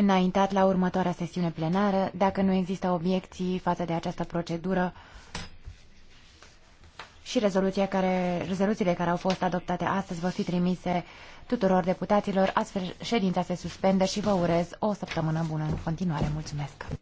înaintat la următoarea sesiune plenară. Dacă nu există obiecții față de această procedură și rezoluția care, rezoluțiile care au fost adoptate astăzi vor fi trimise tuturor deputaților, astfel ședința se suspendă și vă urez o săptămână bună în continuare. Mulțumesc!